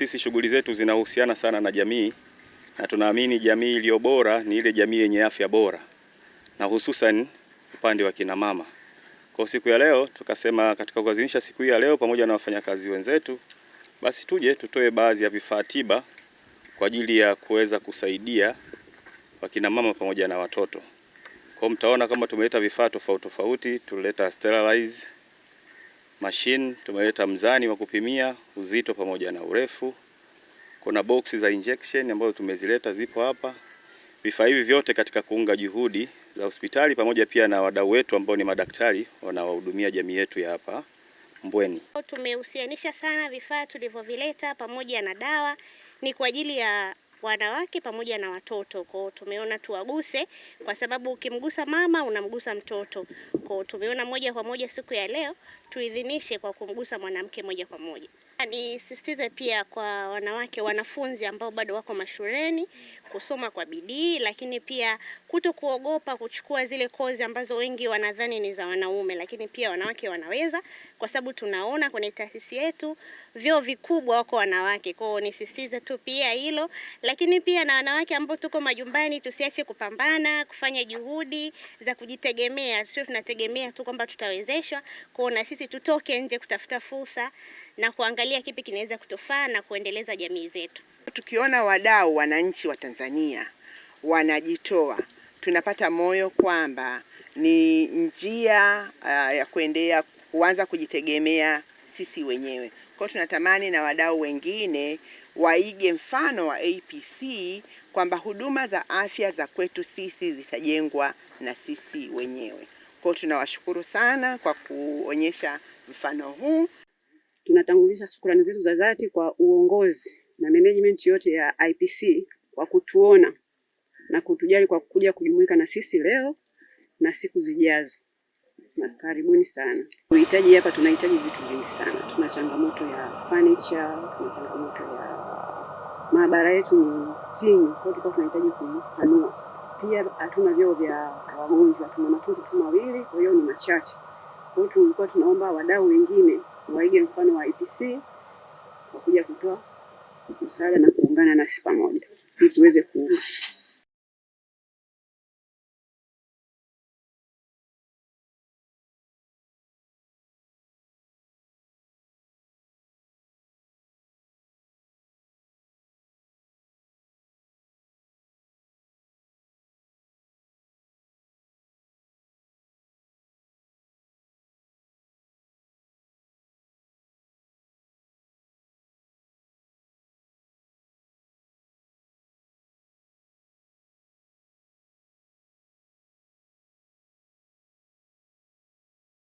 Sisi shughuli zetu zinahusiana sana na jamii na tunaamini jamii iliyo bora ni ile jamii yenye afya bora na hususan upande wa kina mama. Kwa siku ya leo tukasema, katika kuadhimisha siku hii ya leo pamoja na wafanyakazi wenzetu, basi tuje tutoe baadhi ya vifaa tiba kwa ajili ya kuweza kusaidia wakina mama pamoja na watoto. Kwa mtaona kama tumeleta vifaa tofauti tofauti, tulileta sterilize Mashine tumeleta mzani wa kupimia uzito pamoja na urefu. Kuna boksi za injection ambazo tumezileta zipo hapa. Vifaa hivi vyote katika kuunga juhudi za hospitali pamoja pia na wadau wetu ambao ni madaktari wanawahudumia jamii yetu ya hapa Mbweni. Tumehusianisha sana vifaa tulivyovileta pamoja na dawa ni kwa ajili ya wanawake pamoja na watoto. Kwao tumeona tuwaguse, kwa sababu ukimgusa mama unamgusa mtoto huko, tumeona moja kwa moja siku ya leo tuidhinishe kwa kumgusa mwanamke moja kwa moja. Nisisitize pia kwa wanawake wanafunzi ambao bado wako mashuleni kusoma kwa bidii, lakini pia kuto kuogopa kuchukua zile kozi ambazo wengi wanadhani ni za wanaume, lakini pia wanawake wanaweza, kwa sababu tunaona kwenye taasisi yetu vyo vikubwa wako wanawake. Kwa hiyo nisisitize tu pia hilo, lakini pia na wanawake ambao tuko majumbani tusiache kupambana, kufanya juhudi za kujitegemea, sio tunategemea tunategemea tu kwamba tutawezeshwa na sisi tutoke nje kutafuta fursa na kuangalia kipi kinaweza kutufaa na kuendeleza jamii zetu. Tukiona wadau, wananchi wa Tanzania wanajitoa, tunapata moyo kwamba ni njia uh, ya kuendelea kuanza kujitegemea sisi wenyewe. Kwa hiyo tunatamani na wadau wengine waige mfano wa APC kwamba huduma za afya za kwetu sisi zitajengwa na sisi wenyewe. Kwa hiyo tunawashukuru sana kwa kuonyesha mfano huu. Tunatanguliza shukrani zetu za dhati kwa uongozi na management yote ya IPC kwa kutuona na kutujali kwa kuja kujumuika na sisi leo na siku zijazo. Na karibuni sana. Tunahitaji hapa, tunahitaji vitu vingi sana. Tuna changamoto ya furniture, tuna changamoto ya maabara yetu ni msingi, kwa hiyo tunahitaji kupanua pia hatuna vyoo vya wagonjwa, tuna matundu tu mawili, kwa hiyo ni machache. Kwa hiyo tulikuwa tunaomba wadau wengine waige mfano wa IPC kuja kutoa msaada na kuungana nasi pamoja ili tuweze kuuma